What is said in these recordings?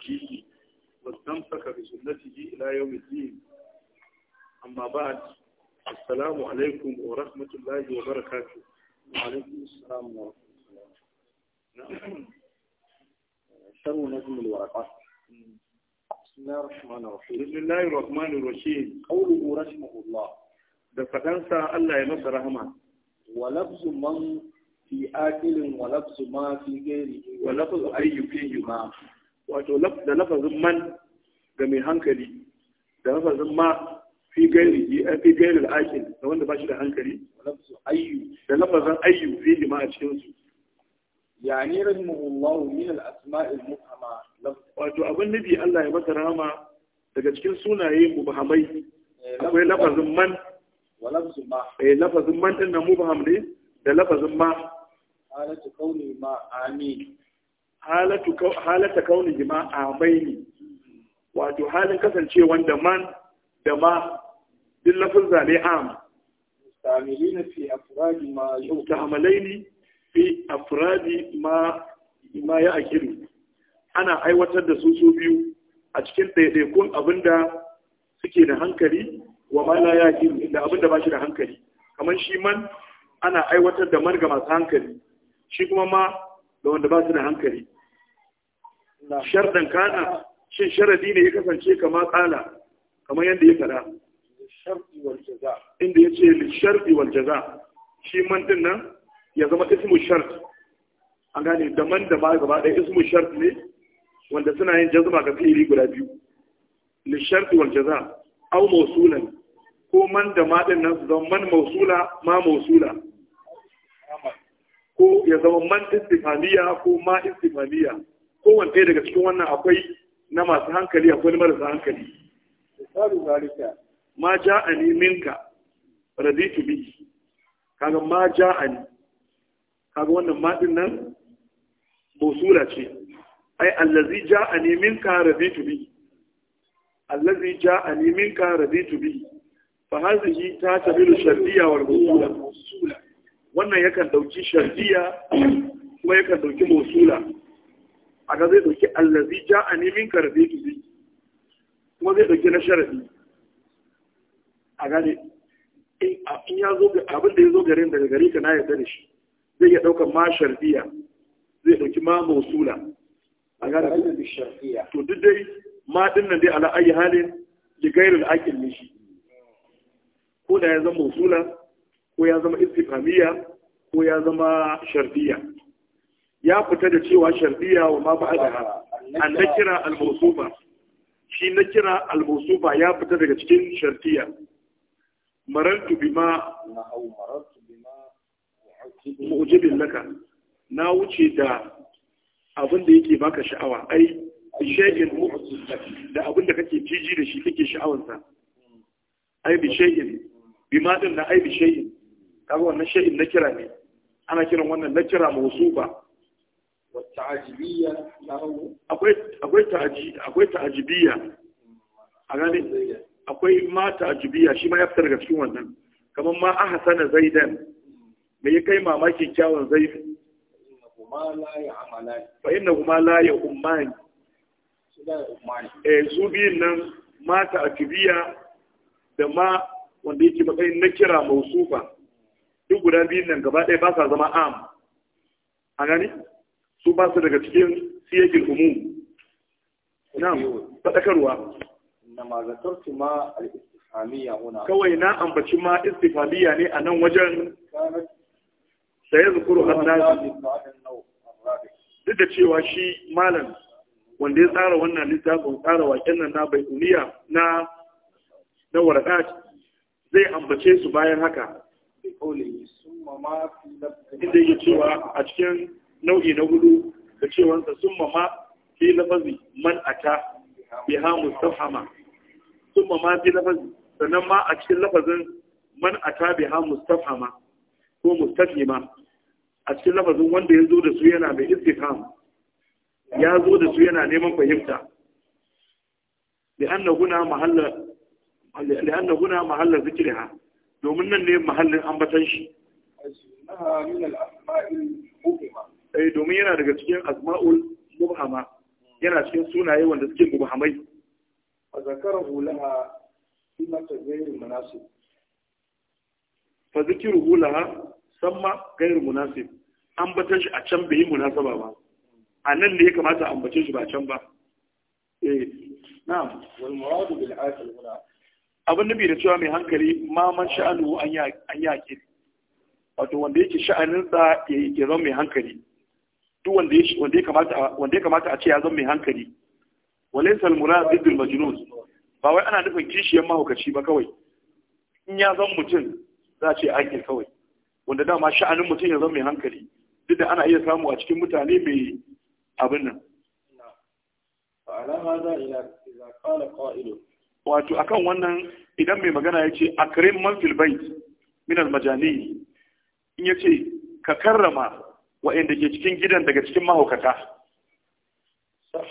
ترجيحه واستمسك بسنته إلى يوم الدين أما بعد السلام عليكم ورحمة الله وبركاته وعليكم السلام ورحمة الله نعم شر نجم الورقات بسم الله الرحمن الرحيم بسم الله الرحمن الرحيم قوله رحمه الله da faɗansa Allah ya masa rahama walabzu man fi akilin walabzu ma fi gairi walabzu ayyukin yuma wato da lafazin man ga mai hankali da lafazin ma fi gairi fi gairi al'akin da wanda ba shi da hankali da lafazin ayyu fi jima a cikin su ni rahimahullahu min al-asma'il mubhama wato abin nabi Allah ya masa rama daga cikin sunaye mubhamai eh, akwai lafazin man wa lafazin ma eh lafazin man din na mubham ne da lafazin ma halatu qawli ma amin halata kauni jima a ne. wato halin kasancewan da man da ma duk lafin zane am mustamilaini fi afradi ma fi a ma ma ya akilu ana aiwatar da su su biyu a cikin ɗaiɗaikun abinda suke da hankali wa ma ya akilu da abinda ba shi da hankali kamar shi man ana aiwatar da marga ga masu hankali shi kuma ma da wanda ba su da hankali shardan kana shin sharadi ne ya kasance kama kala kamar yadda ya fada inda ya ce lisharɗi wal jaza shi man nan ya zama ismu shart an gane da man da ba gaba ɗaya ismu shart ne wanda suna yin jazma ga fili guda biyu lisharɗi waljaza, au mausulan ko man da maɗin nan su zama man mausula ma mausula ko ya zama man istifaniya ko ma istifaniya ko wanda daga cikin wannan akwai na masu hankali akwai marasa hankali misali zalika ma ja'ani minka raditu bi kaga ma ja'ani kaga wannan ma din nan mausula ce ai allazi ja'ani minka raditu bi allazi ja'ani minka raditu bi fa hazihi ta tabilu shartiyya wal mausula wannan yakan dauki shartiya kuma yakan dauki mosula a ga zai dauki allazi a nemin karfe tuzi kuma zai dauki na sharadi a gane in ya zo abin da ya zo garin daga gari ka na yadda da shi zai iya daukar ma Sharfiya. zai dauki ma mosula a gane to duk dai ma nan dai ala ayi halin gairin akil ne shi ko da ya zama mosula ko ya zama istifamiya ko ya zama shardiya ya fita da cewa shardiya wa ma ha? an nakira al-mawsufa shi nakira al-mawsufa ya fita daga cikin shardiya marantu bima au mu'jibin laka na wuce da abin da yake baka sha'awa ai bishai'in da abin da kake jiji da shi kake sha'awansa mm. ai bishai'in bima din na ai bishai'in kaga wannan shay'in na kira ne ana kiran wannan na kira mausuba wa ta'jibiyya akwai akwai ta'jibiyya a gane akwai ma ta'jibiyya shi ma ya fitar daga cikin wannan kamar ma a ahsana zaidan me ya kai mamaki kyawun Zaidan? fa innahu ma la ya ummani eh su biyun nan ma ta'jibiyya da ma wanda yake matsayin na kira mausufa duk guda biyun nan gaba ɗaya ba sa zama am a gani su ba su daga cikin siyagin umu na faɗakarwa na su ma al'istifamiya kawai na ambaci ma istifamiya ne a nan wajen da zukuru hannazi duk da cewa shi malam wanda ya tsara wannan littafin tsara waƙen nan na bai uniya na na zai ambace su bayan haka inda yake cewa a cikin nau'i na hudu da cewarsa summa ma fi lafazi man ata biha mustafama summa ma fi lafazi sannan ma a cikin lafazin man a ata biha mustafama ko mustafima a cikin lafazin wanda ya zo da su yana mai istifham ya zo da su yana neman fahimta لأن هنا محل لأن هنا محل ذكرها domin nan ne mahallin ambatan shi eh domin yana daga cikin asma'ul mubhama yana cikin sunaye wanda suke mubhamai fa zakarahu laha simata ghayr munasib fa zikruhu laha samma ghayr munasib ambatan shi a can bai munasaba ba a nan ne ya kamata ambace shi ba can ba eh na'am wal muradu bil asl huna abin nufi da cewa mai hankali maman sha'anu an yi haƙiri wato wanda yake sha'aninsa ya zama mai hankali duk wanda ya kamata a ce ya zama mai hankali walai salmura ziddul majnun ba wai ana nufin kishiyar mahaukaci ba kawai in ya zama mutum za a ce aiki kawai wanda dama sha'anin mutum ya zama mai hankali duk da ana iya samu a cikin mutane mai abin nan. Fa'ala ma za ila ƙala ƙa'ilun wato akan wannan idan mai magana ya ce a man fil bait minar majani in ya ce ka karrama wa'inda ke cikin gidan daga cikin mahaukata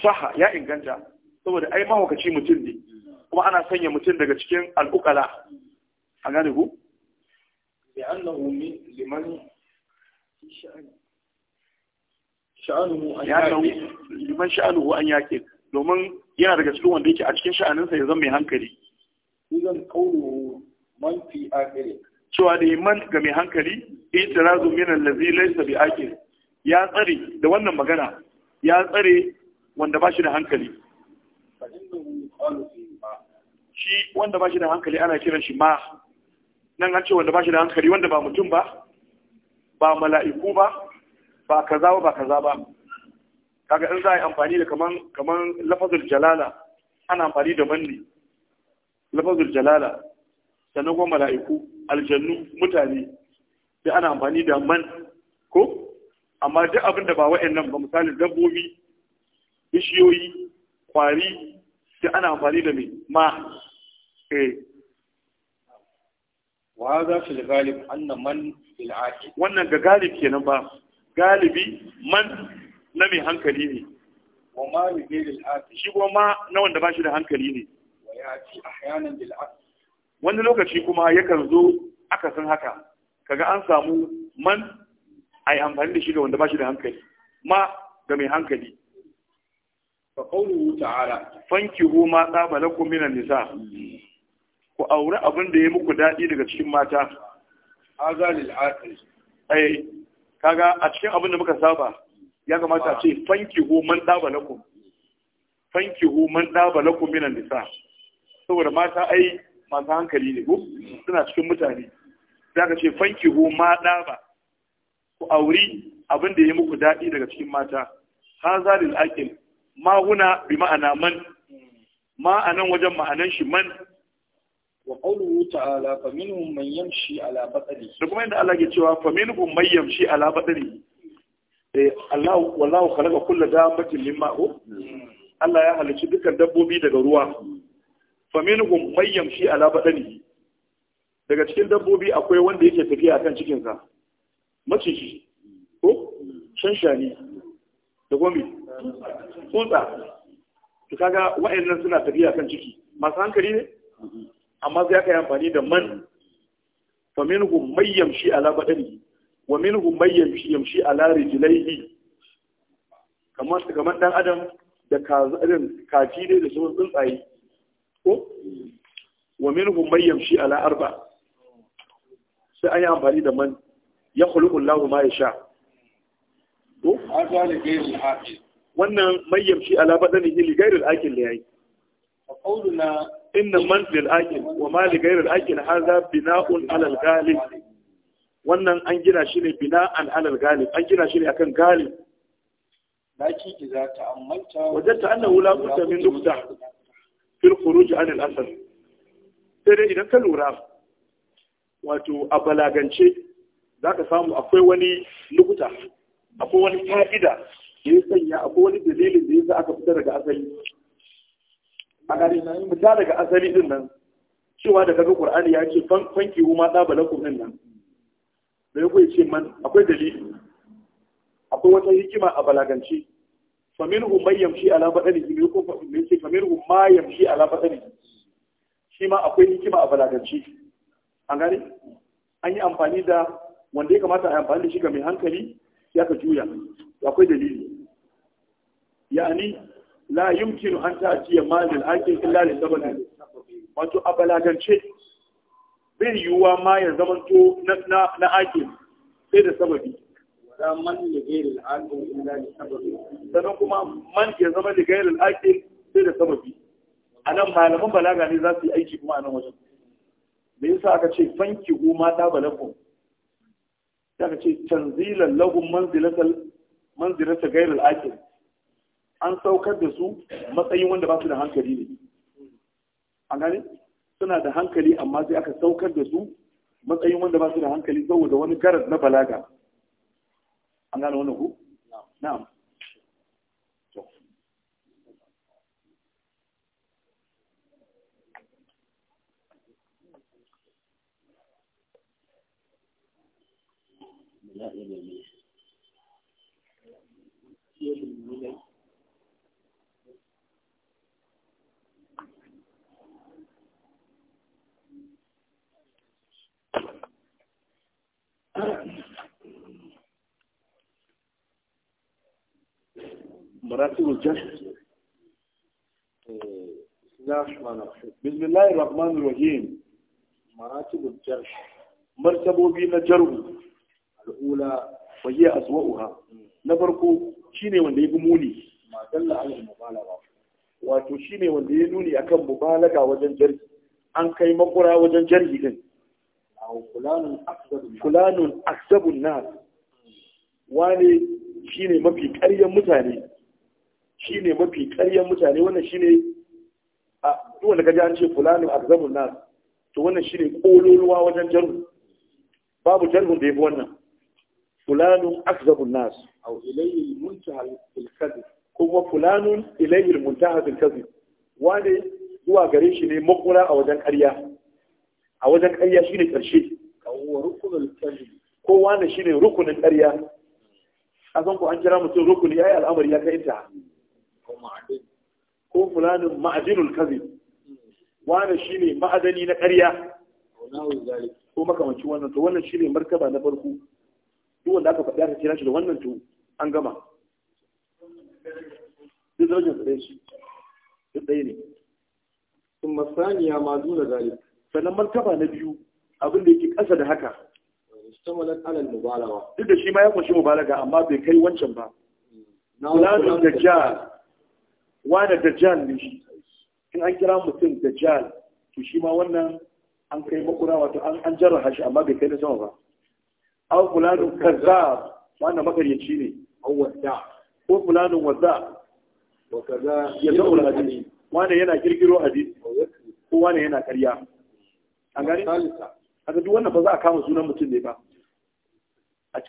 saha ya inganta saboda ai mahaukaci mutum ne kuma ana sanya mutum daga cikin al'ukala a gane ku liman sha'anuhu an yaƙi domin yana daga cikin wanda yake a cikin sha'aninsa ya zama mai hankali idan kawo man fi akiri cewa da man ga mai hankali razu mina lazi laisa bi akiri ya tsare da wannan magana ya tsare wanda ba shi da hankali shi wanda ba shi da hankali ana kiran shi ma nan an ce wanda ba shi da hankali wanda ba mutum ba ba mala'iku ba ba kaza ba, ba kaza ba kaga in za a yi amfani da kaman kaman lafazul jalala ana amfani da manni lafazul jalala sannan kuma mala'iku aljannu mutane da ana amfani da man ko amma duk abin da ba wa'annan ba misalin dabbobi bishiyoyi kwari da ana amfani da mai ma eh wa za su da galib annan man il'aki wannan ga galib kenan ba galibi man na mai hankali ne wa ma li shi goma na wanda ba shi da hankali ne wa yati ahyanan bil wani lokaci kuma yakan zo aka san haka kaga an samu man yi amfani da shi ga wanda ba shi da hankali ma ga mai hankali fa qawluhu ta'ala Fanki goma tsaba lakum minan nisa ku auri abin da ya muku daɗi daga cikin mata azalil aqil ai eh, kaga a cikin abin da muka saba ya kamata a ce fanki hu man daba lakum fanki hu man daba lakum minan nisa saboda mata ai masu hankali ne ko suna cikin mutane za ka ce fanki hu ma daba ku auri abin da ya muku daɗi daga cikin mata Ha zalil akil ma huna bi ma'ana man ma anan wajen ma'anan shi man wa qawluhu ta'ala faminhum man yamshi ala batni da kuma inda Allah ke cewa faminhum man yamshi ala batni Eh, Allah wallahu khalaqa kulla dabbatin mimma ko Allah ya halicci dukkan dabbobi daga ruwa faminhum may yamshi ala badani daga cikin dabbobi akwai wanda yake tafiya akan cikin sa maciji ko shanshani da gomi tsutsa to kaga wa'annan suna tafiya akan ciki masu hankali ne amma sai aka yi amfani da man faminhum may yamshi ala badani wa minhum may yamshi yamshi ala rijlaihi kamar kamar dan adam da kazin kaji dai da sun tsuntsaye ko wa minhum may yamshi ala arba sai an yi amfani da man ya khuluqu Allahu ma yasha sha! azali wannan may yamshi ala badani li gairi al-akil da ya yi. inna man lil akil wa ma li gairi al-akil hadha bina'un ala al-ghalib wannan an gina shi ne bina an alal galib an gina shi ne akan galib lakin idza ta'ammanta wajadta annahu la budda min nuqta fil khuruj an al asal sai dai idan ka lura wato a balagance zaka samu akwai wani nukuta akwai wani fa'ida da ya sanya akwai wani dalilin da yasa aka fita daga asali a gari fita daga asali din nan cewa da kaga qur'ani ya ce fanki huma dabalakum din nan da ya ce man akwai dalili akwai wata hikima a balagance faminhu man yamshi ala badanihi ne ko ne ce hu ma yamshi ala badanihi shi ma akwai hikima a balagance an gane an yi amfani da wanda ya kamata a yi amfani da shi ga mai hankali ya ka juya akwai dalili yani la yumkinu an ta'tiya malil hakim illa li sababin wato a balagance zai yiwuwa ma ya to na hakim sai da sababi sannan kuma man ya zama da gairar hakim sai da sababi a nan malaman balaga ne za su yi aiki kuma a nan wajen me sa aka ce fanki ko mata balakun ta ka ce canzilan lagun manzilata gairar hakim an saukar da su matsayin wanda ba su da hankali ne A gani suna da hankali amma sai aka saukar da su matsayin wanda ba su da hankali saboda wani garas na balaga an gane wani ku na'am Yeah, yeah, yeah. مراتب الجهل بسم الله الرحمن الرحيم مراتب الجرح مرتبو مرتبوبي جرح الأولى وهي أسوأها نبركو شيني وانده يقوموني ما دل على المبالغة واتو شيني وانده يدوني nuni مبالغة وجن جرح jarhi an وجن جرح Kulanun aksabun nas wani ne mafi ƙaryan mutane ne mafi ƙaryan mutane wannan ne a duk wanda kaji an ce Kulanun aksabun nas to wannan ne kololuwa wajen jarhu babu jarhun da ya fi wannan Kulanun aksabun nas au ilayhi muntaha al-kadhib kuma Kulanun ilayyar munta muntaha al wani zuwa gare shi ne makura a wajen ƙarya a wajen ƙarya shine ƙarshe kowa ne shine rukunin ƙarya a zan ku an kira mutum rukuni ya yi al'amari ya kai ta ko fulanin ma'adinul kazi Wane shine ma'adani na ƙarya ko makamanci wannan to wannan shine martaba na farko duk wanda aka faɗi aka kira shi da wannan to an gama duk su da shi duk ɗaya ne ثم الثانية ما دون ذلك sannan martaba na biyu abin da yake ƙasa da haka duk da shi ma ya kunshi mubalaga amma bai kai wancan ba fulanun dajjal wani dajjal ne shi in an kira mutum dajjal to shi ma wannan an kai makura wato an jarraha shi amma bai kai na sama ba an fulanun kazzab wannan makaryaci ne wadda ko fulanun wadda wa kaza ya zaura hadisi wani yana girgiro hadisi ko wani yana karya a gari a duk wannan ba za a kama sunan mutum ne ba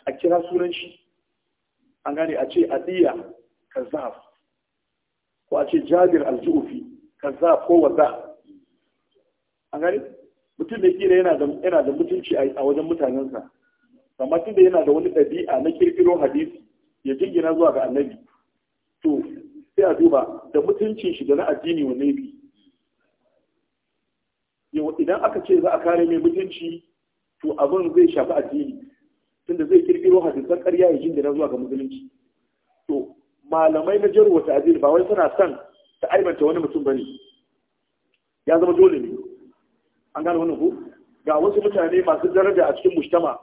a kira sunan shi an gane a ce adiya kazzaf ko a ce jabir aljufi kazzaf ko waza an gane mutum da kira yana da yana da mutunci a wajen mutanensa amma tun da yana da wani ɗabi'a na kirkiro hadisi ya jingina zuwa ga annabi to sai a duba da mutuncin shi da na addini wa nabi yau idan aka ce za a kare mai mutunci to abin zai shafi addini tunda zai kirkiro hadisan ƙarya ya jin na zuwa ga musulunci to malamai na jaru wata addini ba wai suna son ta aibanta wani mutum bane ya zama dole ne an gane wannan ko ga wasu mutane masu daraja a cikin mujtama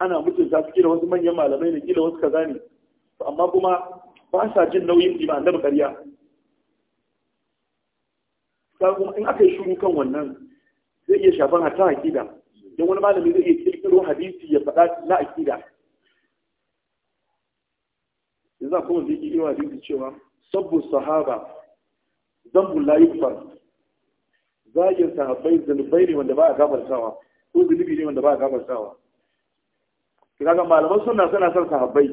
ana mutunta su kila wasu manyan malamai ne kila wasu kaza ne amma kuma ba sa jin nauyin imanin ƙarya kuma in aka yi shuru kan wannan zai iya shafan hatta akida don wani malami zai iya kirkiro hadisi ya faɗa na akida yanzu akwai wanda yake iya hadisi cewa sabbu sahaba zambun la yukfar zagin sahabbai zunubai ne wanda ba a gafartawa ko zunubi ne wanda ba a gafartawa kaga malaman suna suna son sahabbai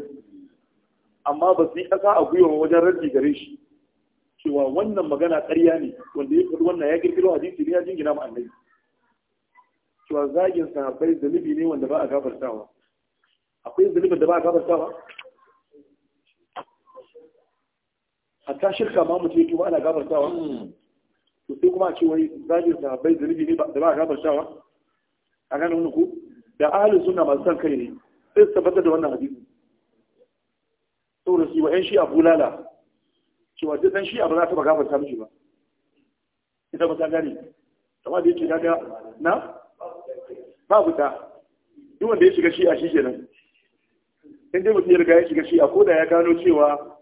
amma ba su yi ƙasa a gwiwa wajen raddi gare shi cewa wannan magana ƙarya ne wanda ya faɗi wannan ya girgiro hadisi ne ya jingina ma annabi cewa zagin sahabbai zunubi ne wanda ba a gafartawa akwai zalibin da ba a gafartawa hatta shirka ma mutum yake ba ana gafartawa to sai kuma a ce wai zagin sahabbai zunubi ne da ba a gafartawa a gane wani ku da ahalin suna masu san kai ne sai su tabbatar da wannan hadisi saboda su yi wa 'yan shi a bulala cewa duk dan shi ba za ta ba gafarta mishi ba ita ba ta gani amma da yake daga na babu ta duk wanda ya shiga shi a shi nan in dai mutum ya riga ya shiga shi ko da ya gano cewa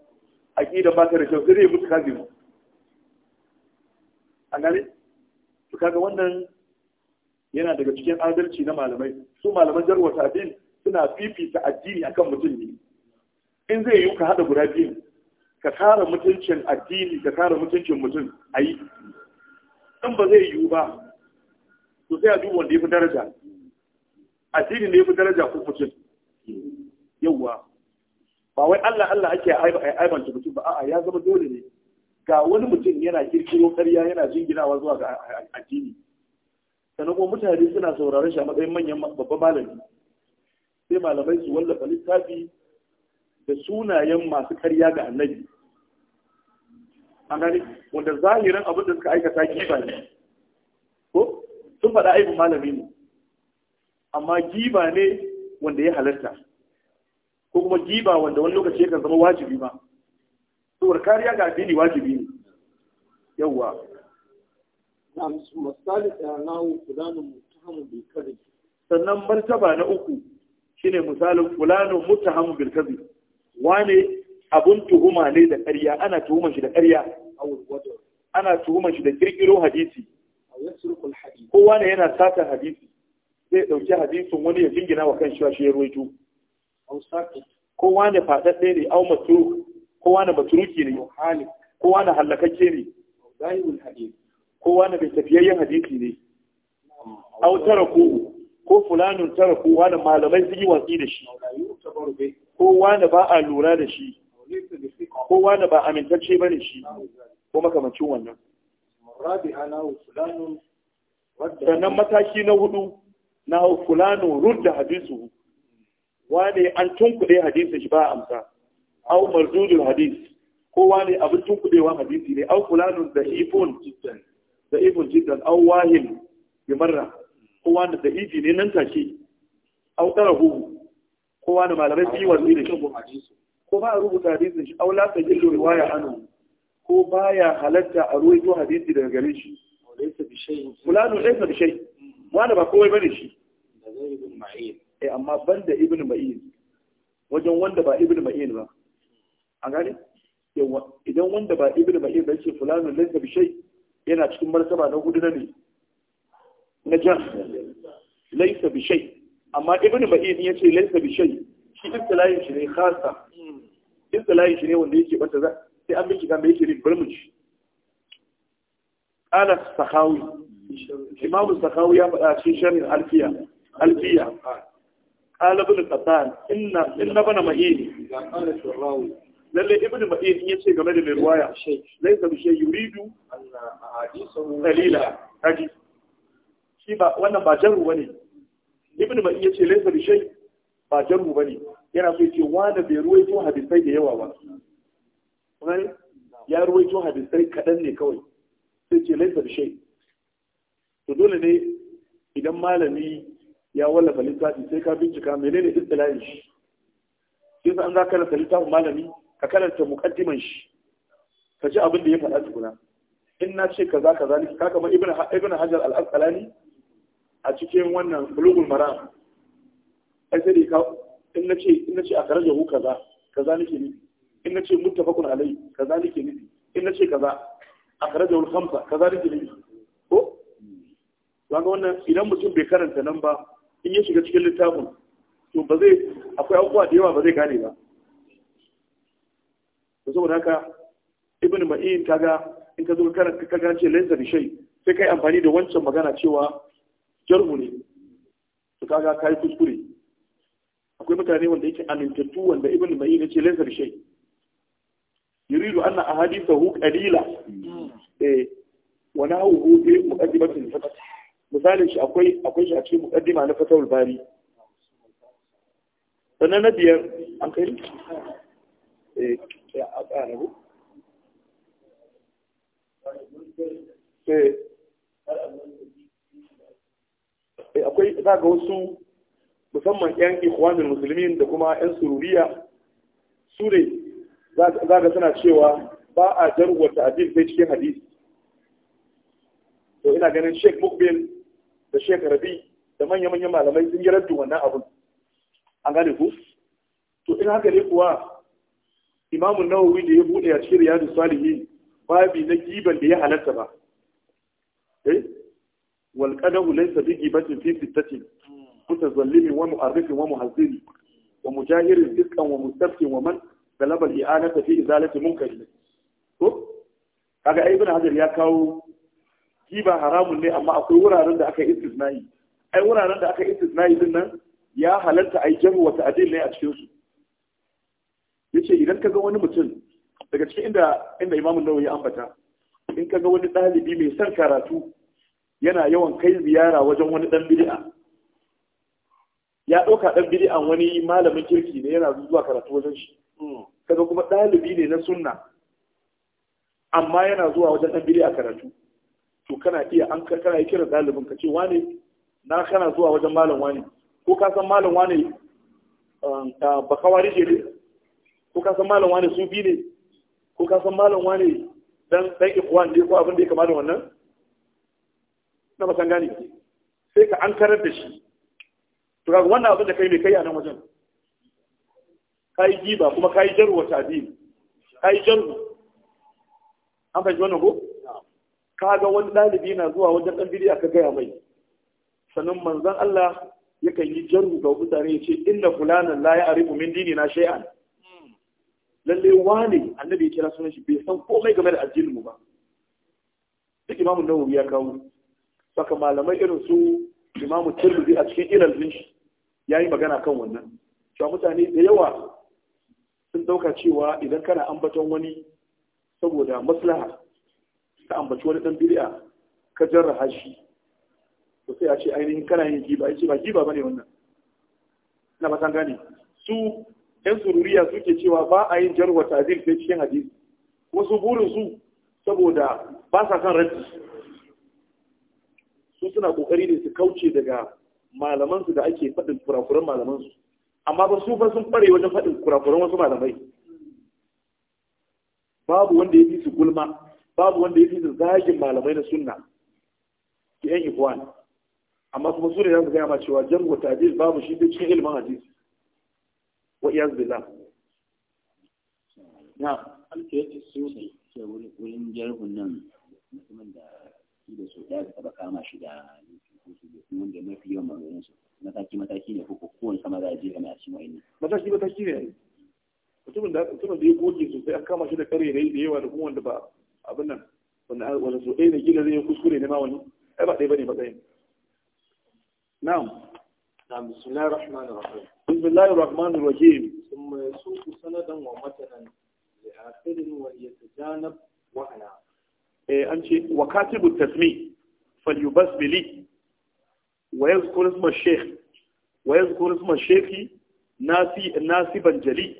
aƙida ba ta da kyau zai mutu mu an gane to kaga wannan yana daga cikin adalci na malamai su malaman jarwata din suna fifita addini akan mutum ne in zai yi ka haɗa guda biyu ka kare mutuncin addini ka kare mutuncin mutum a yi in ba zai yiwu ba to sai a duk wanda ya fi daraja addini ne ya fi daraja ko mutum yauwa ba wai Allah Allah ake aibanta mutum ba a'a ya zama dole ne ga wani mutum yana kirkiro ƙarya yana jinginawa zuwa ga addini sannan kuma mutane suna sauraron shi a matsayin manyan babban malami sai malamai su wallafa littafi da sunayen masu karya ga annabi an gani wanda zahirin abin da suka aikata giba ne ko sun faɗa aibin malami ne amma giba ne wanda ya halarta ko kuma giba wanda wani lokaci yakan zama wajibi ba, saboda kariya ga addini wajibi ne yawwa sannan martaba na uku shine misalin fulanin mutahamu bil kadhib wane abun tuhuma ne da ƙarya ana tuhuman shi da ƙarya ana tuhuman shi da kirkiro hadisi ko wane yana sata hadisi zai ɗauki hadisin wani ya jingina wa kan shi ya ruwaito ko wane faɗaɗɗe ne au maturu ko wane Maturuki ne ko wane hallakakke ne ko wane bai tafiyayyen hadisi ne au Tara, ko fulanin Tara, ko wane malamai zai yi watsi da shi kowa da ba a lura da shi kowa da ba amintacce ba ne shi ko makamacin wannan sannan mataki na hudu na fulano rudda hadisu wane an tunkuɗe hadisin shi ba a amsa au mardudul hadis ko wane abin tunkuɗewa hadisi ne au fulanun da ifon da ifon jidan au wahim bi marra ko wane da ifi ne nan take au ɗara huhu kowa da malamai su yi wanzu da ko ba a rubuta hadisin shi aula ta jin riwaya anu ko ba ya halatta a ruwa ruwaito hadisi daga gare shi fulano laisa bi shay wanda ba kowai bane shi eh amma banda ibn ma'in wajen wanda ba ibn ma'in ba an gane idan wanda ba ibn ma'in ba yake fulano laisa bi bishai yana cikin martaba na gudu na ne na jan laisa bishai. amma ibn ba'in yace ce laisa bi shay shi istilahin shi ne khasa istilahin shi ne wanda yake bata za sai an miki me yake rin barmin shi qala sakhawi imam sakhawi ya faɗa shi sharhin alfiya alfiya qala ibn qatan inna inna bana ma'in qala shurawi lalle ibn ma'in ya game da riwaya ruwaya laisa bi shay yuridu anna ahadithu qalila kaji shi ba wannan ba jaru bane ibn mai yace laysa bi shay ba jarhu bane yana so yace wanda bai ruwaito hadisai da yawa ba kuma ya ruwaito hadisai kadan ne kawai sai ce laysa bi shay to dole ne idan malami ya wallafa littafi sai ka bincika menene istilahin shi sai an za ka karanta littafin malami ka karanta muqaddiman shi ka ji abin da ya faɗa tukuna in na ce kaza kaza ne ka kamar ibn hajar al-asqalani a cikin wannan bulugul maram ai sai ka in nace in nace a karaje hu kaza kaza nake ni in nace muttafaqun alai kaza nake ni in nace kaza a karaje hu khamsa kaza nake ni ko wanda wannan idan mutum bai karanta nan ba in ya shiga cikin littafin to ba zai akwai abubuwa da yawa ba zai gane ba to saboda haka ibnu ma'in kaga in ka zo karanta ka gane ce laysa bi shay sai kai amfani da wancan magana cewa jar'u ne su kaga kai kuskure akwai mutane wanda yake amintattu wanda ibnu mai ya ce laysar shay yuridu anna ahadithahu qalila eh wa nahu bi muqaddimatin fatah misalin shi akwai akwai shi a cikin muqaddima na fatahul bari sannan na biyar an kai eh ya a ƙara za ga wasu musamman 'yan ikhwanin musulmin da kuma 'yan sururiya su ne za ga suna cewa ba a jarwata abin sai cikin hadisi to ina ganin sheik mukbil da sheik rabi da manya-manyan malamai sun yi raddu wannan abin an gane ku to in haka ne kuwa imamun nawawi da ya buɗe a cikin riyadu salihin babi na giban da ya halatta ba eh والقدم ليس laysa bi gibatin fi sittatin mutazallimin wa mu'arrifin wa muhazziri wa mujahirin fiskan wa mustaftin wa man fi izalati ko kaga ai ibn hajar ya kawo kiba haramun ne amma akwai wuraren da aka yi istisnai ai wuraren da aka yi istisnai din nan ya halatta ai jaru wa ta'dil ne a cikin su yace idan kaga wani mutum daga cikin inda inda imamu ya ambata in kaga wani dalibi mai son karatu yana yawan kai ziyara wajen wani dan bid'a ya ɗauka ɗan bid'an wani malamin kirki ne yana zuwa karatu wajen shi hmm. kaga kuma ɗalibi ne na sunna amma yana zuwa wajen ɗan bid'a karatu to kana iya an kana kira ɗalibin ka ce wane na kana zuwa wajen malam wane ko ka san malam wane um, ba kawari ne ko ka san malam wane sufi ne ko ka san malam wane dan dan ikwan ne ko abin da ya kamata wannan na san gane sai ka an karar da shi to ga wannan abin da kai ne kai a nan wajen kai giba kuma kai jarwa tabi kai jarwa an fahimci wannan ko ga wani dalibi na zuwa wajen dan bidiya ka gaya mai sannan manzon Allah yakan yi jarwa ga mutane ya ce inna fulanan la ya'rifu min dini na shay'an lalle wani annabi ya kira sunan shi bai san komai game da addinin mu ba duk imamu nawawi ya kawo Baka malamai irin su imamu tirmidhi a cikin ilal din shi yayi magana kan wannan cewa mutane da yawa sun dauka cewa idan kana ambaton wani saboda maslaha ka ambaci wani dan bid'a ka jarra hashi to sai a ce ainihin kana yin giba yace ba giba bane wannan ina ba san gane su yan sururiya suke cewa ba a yin jarwa ta'zir sai cikin hadisi wasu burin su saboda ba sa kan raddi su suna kokari ne su kauce daga malamansu da ake faɗin kurakuran malamansu amma ba su fa sun kware wajen faɗin kurakuran wasu malamai babu wanda ya fi su gulma babu wanda ya fi su zagin malamai na sunna ki yan ikwan amma kuma su ne za su gaya ma cewa jam'u tajil babu shi duk cikin ilimin hadisi wa iyaz billah na alƙiyatu sunni ke wurin jarhun nan mutumin da shi da su ɗaya taɓa kama shi da wanda mafi yawan maganin su mataki mataki ne ko kowane sama za a je game a cikin wa'in mataki mataki ne mutumin da mutumin da ya goge sosai an kama shi da kare da yawa da kuma wanda ba abin nan wanda wanda so ɗaya da gida zai yi kuskure ne ma wani ai ba ɗaya bane matsayin na'am نعم بسم الله الرحمن الرحيم بسم الله الرحمن الرحيم ثم يسوق سندا ومتنا لآخر ويتجانب an ce wa katibu tasmi falyubasmili wa yanzu isma shaykh wa yazkur isma shaykhi nasi nasiban jali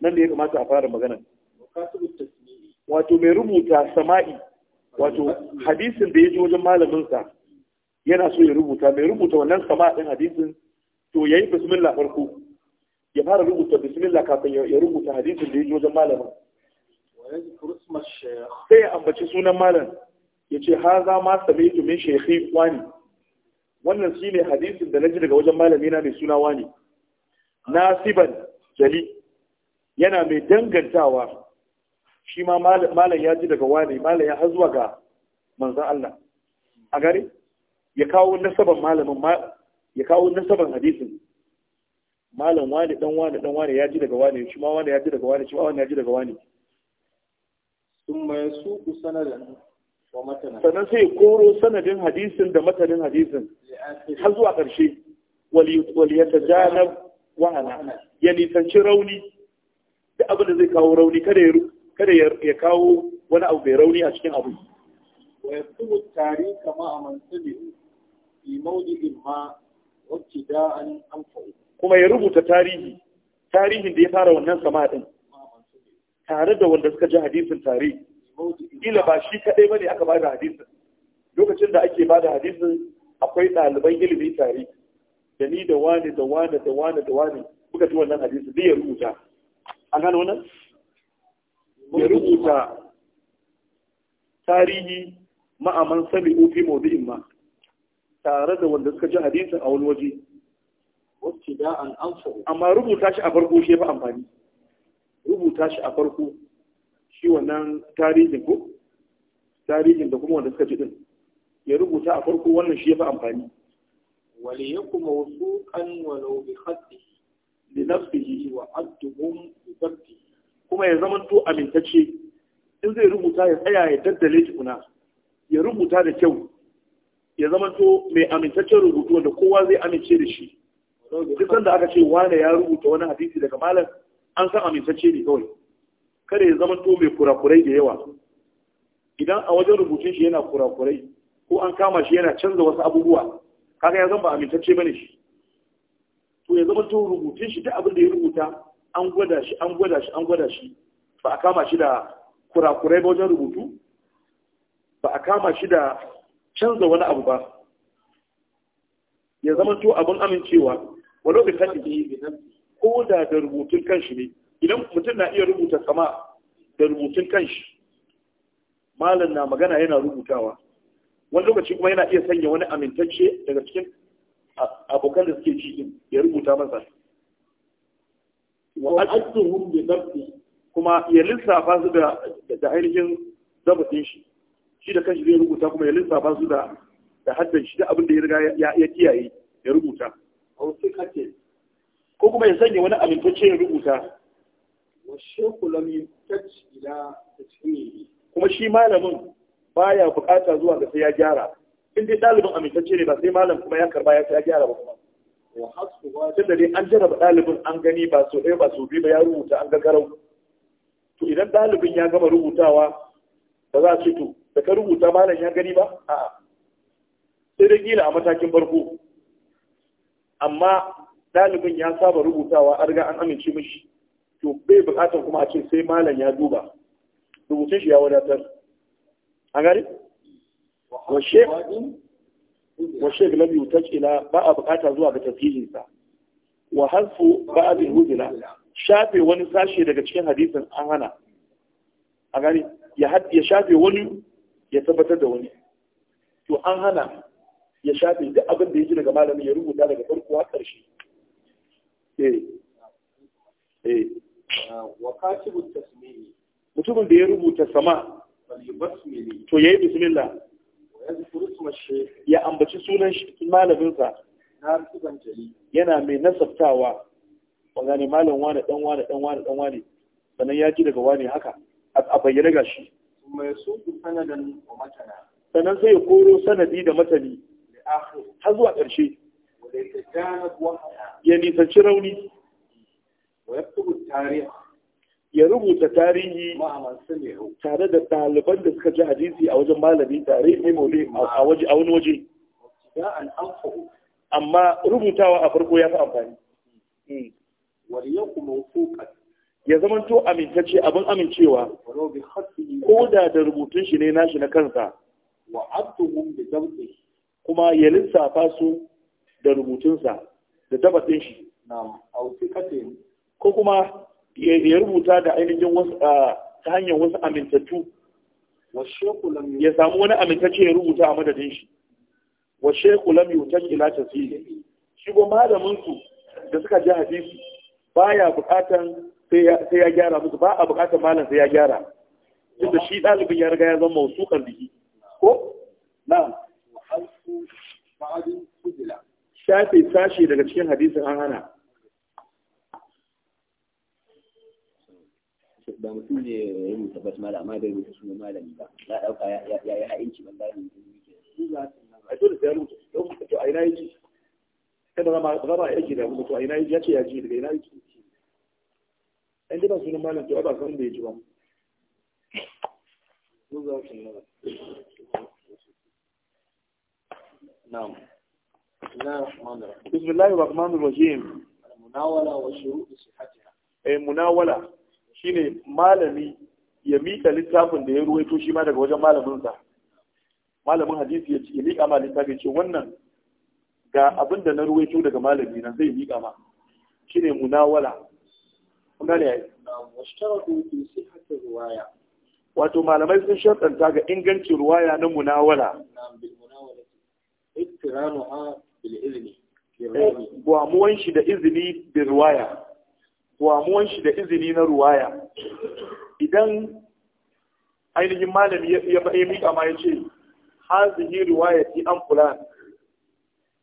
nan da ya kamata a fara magana wato mai rubuta sama'i wato hadisin da ya ji wajen malaminsa yana so ya rubuta mai rubuta wannan sama'in hadisin to ya yi bismillah farko ya fara rubuta bismillah kafin ya rubuta hadisin da ya ji wajen malamin sai ya ambaci sunan malam ya ce ha za ma sami tu min shekhi wani wannan shi ne hadisin da na ji daga wajen malami na mai suna wani nasiban jali yana mai dangantawa shi ma malam ya ji daga wani malam ya hazuwa ga manzan Allah a gare ya kawo nasaban malamin ya kawo nasaban hadisin malam wani dan wani dan wani ya ji daga wani shi ma wani ya ji daga wani shi ma wani ya ji daga wani ثُمَّ يَسُوقُ سَنَدًا وَمَتَنًا sannan sai koro sanadin hadisin da matanin hadisin har zuwa ƙarshe wal yatajanab wahala, ya nisanci rauni Da abin da zai kawo rauni kada ya kawo wani abu mai rauni a cikin abu wa yasuqu tari kama amansabi fi mawdi'in ma wabtida'an anfa'u kuma ya rubuta tarihin da ya fara wannan sama tare da wanda suka ji hadisin tare kila ba shi kadai ne aka bada hadisin lokacin da ake bada hadisin akwai ɗaliban ilimi tare da ni da wani da wani da wani da wani kuka ji wannan hadisin zai ya rubuta an gano wannan ya rubuta tarihi ma'aman sami ofi mawdu'in ma tare da wanda suka ji hadisin a wani waje amma rubuta shi a farko shi ya fi amfani rubuta shi a farko shi wannan tarihin ko tarihin da kuma wanda suka ji din ya rubuta a farko wannan shi ya fi amfani wale ya kuma wasu kan walau bi khatti li nafsihi wa adduhum bi dabti kuma ya zama to amintacce in zai rubuta ya tsaya ya daddale tukuna ya rubuta da kyau ya zama to mai amintaccen rubutu wanda kowa zai amince da shi duk sanda aka ce wane ya rubuta wani hadisi daga malam an san amintacce ne kawai kada ya zama to mai kurakurai da yawa idan a wajen rubutun shi yana kurakurai ko an kama shi yana canza wasu abubuwa kaga ya zama ba amintacce bane shi to ya zama to rubutun shi duk abin da ya rubuta an gwada shi an gwada shi an gwada shi ba a kama shi da kurakurai ba wajen rubutu ba a kama shi da canza wani abu ba ya zama to abin amincewa wa lokacin da ko da da rubutun kanshi ne idan mutum na iya rubuta sama da rubutun kanshi malam na magana yana rubutawa wani lokaci kuma yana iya sanya wani amintacce daga cikin abokan da suke ci din ya rubuta masa wa ajruhum bi dabbi kuma ya lissafa su da da ainihin zabatin shi shi da kanshi zai rubuta kuma ya lissafa su da da haddan shi da abin da ya riga ya kiyaye ya rubuta a wasu kace ko kuma ya sanya wani amintacce ya rubuta kuma shi malamin baya bukata zuwa ga sai ya gyara in dai ɗalibin amintacce ne ba sai malam kuma ya karba ya sai ya gyara ba kuma tun da dai an jarraba ɗalibin an gani ba so ɗaya ba so biyu ba ya rubuta an gagarau to idan ɗalibin ya gama rubutawa ba za a ce to da ka rubuta malam ya gani ba a'a sai dai kila a matakin farko amma ɗalibin ya saba rubutawa an riga an amince mishi to bai buƙatar kuma a ce sai malam ya duba rubutun shi ya wadatar an gari? wa shek lam wuta cila ba a buƙata zuwa ga tafihinsa wa hasfu ba a bin hudula shafe wani sashe daga cikin hadisin an hana a gani ya shafe wani ya tabbatar da wani to an hana ya shafe duk abin da ya ji daga malami ya rubuta daga farko har ƙarshe Eh. Eh. mutumin da ya rubuta sama to yayi bismillah ya ambaci sunan malaminsa yana mai nasabtawa wanda ne malin wane dan wane dan wane dan wane sannan ya ji daga wani haka a bayyana ga shi sannan sai ya koro sanadi da matani har zuwa ƙarshe ya nisanci rauni ya rubuta tarihi tare da ɗaliban da suka ji hadisi a wajen malami tare memole a wani waje amma rubutawa a farko ya fi amfani hmm. ya to amintacce abin amincewa ko da da rubutun shi ne nashi na kansa kuma ya lissafa su da rubutunsa da tabbatin shi ko kuma ya rubuta da ainihin wasu ta hanyar wasu amintattu ya samu wani amintacce ya rubuta a madadin shi wa sheku lam yutaj ila tasiri shi go da suka ji hadisi ya bukatan sai ya gyara musu ba a bukatan malam sai ya gyara Inda shi dalibin ya riga ya zama mausukan biki ko na'am shafe sashe daga cikin hadisin an hana ba mutum ne ya mala amma bai mutu ba na ba ya ya a ina ba ba yake da بسم الله الرحمن الرحيم munawala wa shuruɗi sihhatiha eh munawala shine malami ya mika littafin da ya ruwaito shi ma daga wajen malamin malamin hadisi ya ce ya ma littafin ce wannan ga abin da na ruwaito daga malami na zai mika ma shine munawala kun gane yayi washtaratu fi sihhati riwaya wato malamai sun shartanta ga ingancin ruwaya na munawala iktiranuha Eh, gwamuwan shi da izini da ruwaya gwamuwan shi da izini na ruwaya idan ainihin malami ya miƙa ma ya ce hazihi ruwayati an fulan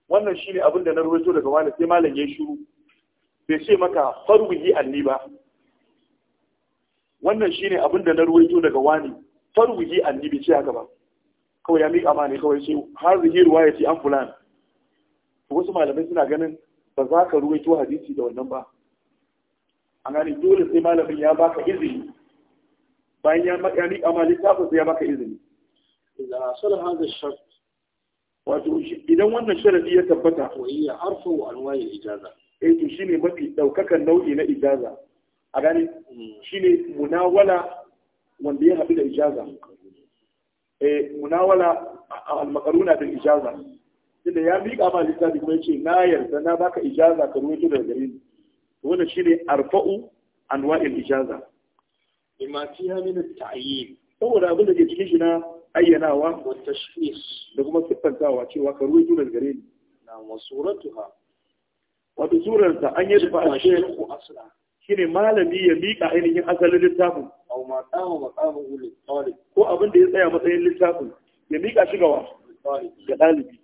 wannan shine abin da na rubuto daga wani sai malam ya shiru bai ce maka yi alli ba wannan shine abin da na ruwaito daga wani yi alli. bai ce haka ba kawai ya miƙa ma ne kawai ce hazihi ruwayati an fulan wasu malamai suna ganin ba za ka ruwaito hadisi da wannan ba an gani dole sai malamin ya baka izini bayan ya maka ni amma littafin sai ya baka izini idan sala hada shart wato idan wannan sharadi ya tabbata ya iya wa anwa'i ijaza eh to shine mafi daukakan nau'i na ijaza a gani hmm. shine munawala wanda ya haɗu da ijaza eh munawala al maqruna bil ijaza tunda ya miƙa ma lissafi kuma ce na yarda na baka ijaza ka ruwaito daga gare ni wannan shine arfa'u anwa'il ijaza bima fi min at-ta'yin saboda abin da ke cikin shi na ayyanawa wa tashkhis da kuma siffantawa cewa ka ruwaito daga gare ni na wa suratuha wato surar ta an yi rufa a shekhu asla shine malami ya miƙa ainihin asalin littafin aw ma qama maqamu lil ko abin da ya tsaya matsayin littafin ya miƙa shi ga wa ga ɗalibi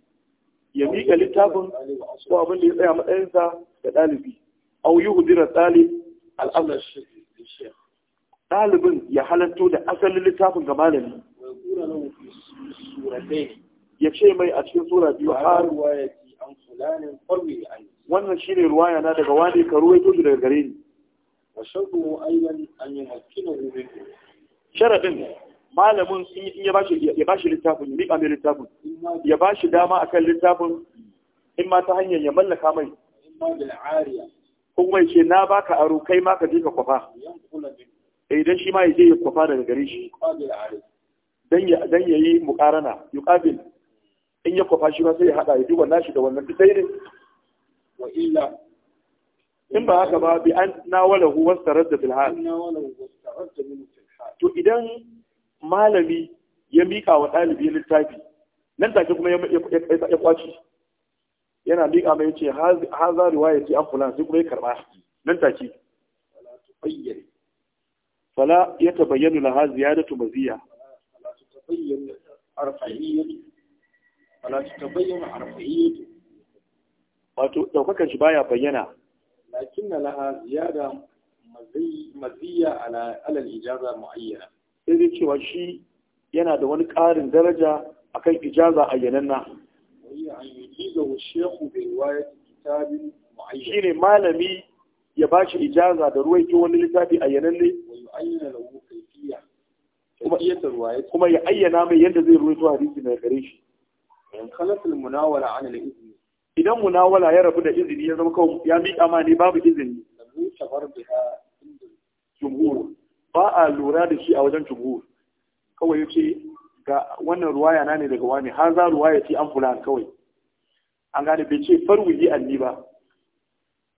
ya miƙa littafin ko abin da ya tsaya matsayinsa da ɗalibi au yi hudura ɗalib al'amar ɗalibin ya halatto da asalin littafin ga malami ya ce mai a cikin sura biyu har wannan shine ruwaya na daga wani ka ruwaito shi daga gare ni wa shaddu ayyan an yumakkinahu min Sharaɗin. malamin yi ya bashi ya bashi littafin ya miƙa mai littafin ya bashi dama akan littafin in ma ta hanyar ya mallaka mai kuma ce na baka aro kai ma ka je ka kwafa idan eh, shi ma ya je ya kwafa daga gare shi dan ya dan yayi muqarana yuqabil in ya kwafa shi ma sai ya hada ya duba nashi da wannan sai ne wa illa in ba haka ba bi an nawalahu wastaradda bil hal to idan malami ya miƙa wa ɗalibi littafi nan take kuma ya kwaci yana miƙa mai ce ha za riwaya ce an fulan sai kuma ya karɓa nan take fala ya tabayyanu ya datu maziya wato ɗaukakan shi baya bayyana lakin laha ziyada maziya ala alal ijaza mu'ayyana sai zai cewa shi yana da wani ƙarin daraja akan ijaza a ayyananna shi ne malami ya ba shi ijaza da ruwai ke wani littafi ayyananne kuma ya ayyana mai yadda zai zuwa hadisi mai gare shi idan munawala ya rabu da izini ya zama kawai ya miƙa ma ne babu izini jumhur ba a lura da shi a wajen jumhur kawai yace ga wannan ruwaya na ne daga wani har za ruwaya ce an fulan kawai an gane bai ce yi alli ba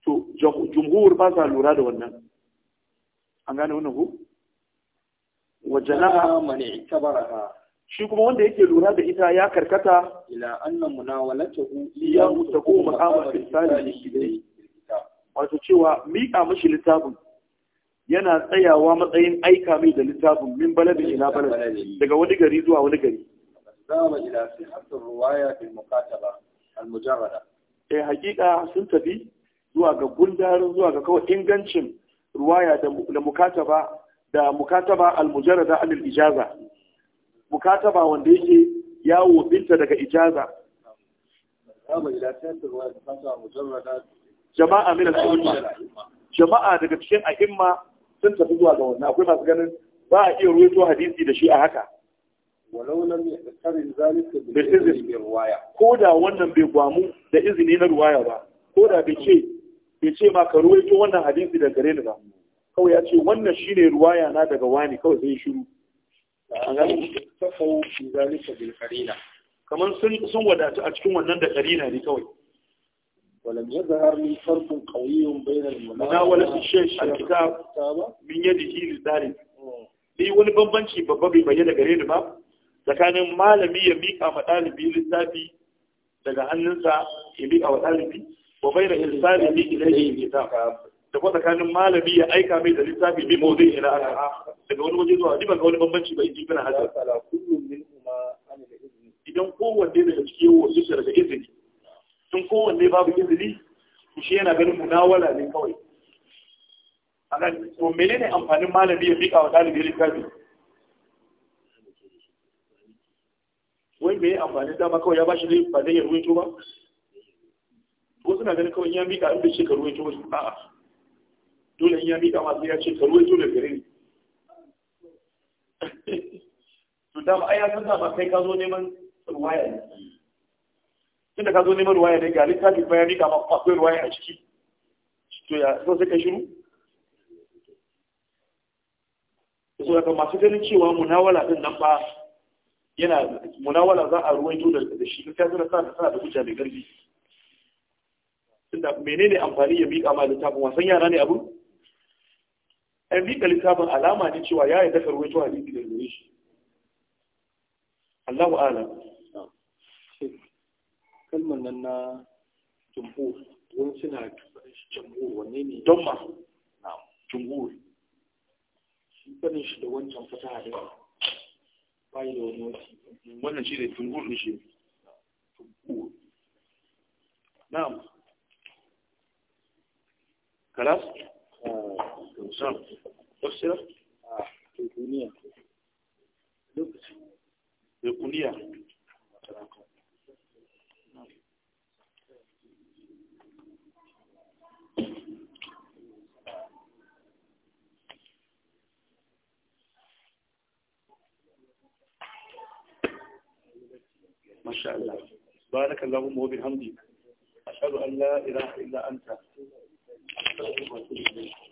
to jumhur ba sa lura da wannan an gane wannan ku wajana'a mani ha shi kuma wanda yake lura da ita ya karkata ila anna munawalatuhu ya mutaku maqama fi salih wato cewa mika mashi littafin yana tsayawa matsayin aika mai da littafin min balabi ila balabi daga wani gari zuwa wani gari zama ila sihhatir ruwaya bil muqataba al mujarrada eh hakika sun tafi zuwa ga gundarin zuwa ga kawai ingancin ruwaya da mukataba da mukataba al mujarrada an al ijaza mukataba wanda yake yawo binta daga ijaza zama ila sihhatir riwaya al mujarrada jama'a min al jama'a daga cikin a'imma sun tafi zuwa ga wannan akwai masu ganin ba a iya ruwaito hadisi da shi a haka walau lam yahtarin zalika bi izni riwaya ko da wannan bai gwamu da izini na ruwaya ba ko da bai ce bai ce ma ka ruwaito wannan hadisi da gare ni ba kawai ya ce wannan shine ruwaya na daga wani kawai sai shiru an ga tafau bi zalika bil qarina kaman sun sun wadatu a cikin wannan da qarina ne kawai ولم يظهر لي فرق قوي بين المناولة الشيش الكتاب من يده للدارس ni wani bambanci babba bai bayyana gare ni ba tsakanin malami ya miƙa ma ɗalibi littafi daga hannunsa ya miƙa wa ɗalibi da ilsari ne ilayhi da tsakanin malami ya aika mai da littafi bi mawdu ila aka daga wani waje zuwa diba ga wani bambanci bai ji kana haka idan kowanne daga wasu daga sun kowanne babu izini shi yana ganin munawala ne kawai a gani ne ne amfanin malami ya fika wa ɗalibi littafi wai mai amfanin dama kawai ya bashi ne ba zai yi ruwaito ba wasu suna ganin kawai ya mika inda bai ce ka ruwaito ba a'a dole in ya mika masu ya ce ka ruwaito da gare ne to dama ai ya san dama kai ka zo neman ruwaya ne Inda ka zo neman ruwaya ne ga littafi kuma ya mika ma akwai ruwaya a ciki to ya zo sai ka shiru so daga masu ganin cewa munawala din nan ba yana munawala za a ruwaito da shi littafi na sa da da hujja mai garbi tunda menene amfani ya mika ma littafin wasan yara ne abu an mika littafin alama ne cewa ya yi ka ruwaito hadisi da gare shi Allahu a'lam kalmar nan na jumhur wani suna jumhur wanne ne don ma na jumhur shi kanin shi da wancan fasaha da bayi da wani wasi wannan shi ne jumhur ne shi jumhur na'am خلاص نعم masha Allah baraka Allahumma wa bihamdika ashhadu an la ilaha illa anta astaghfiruka wa atubu ilayk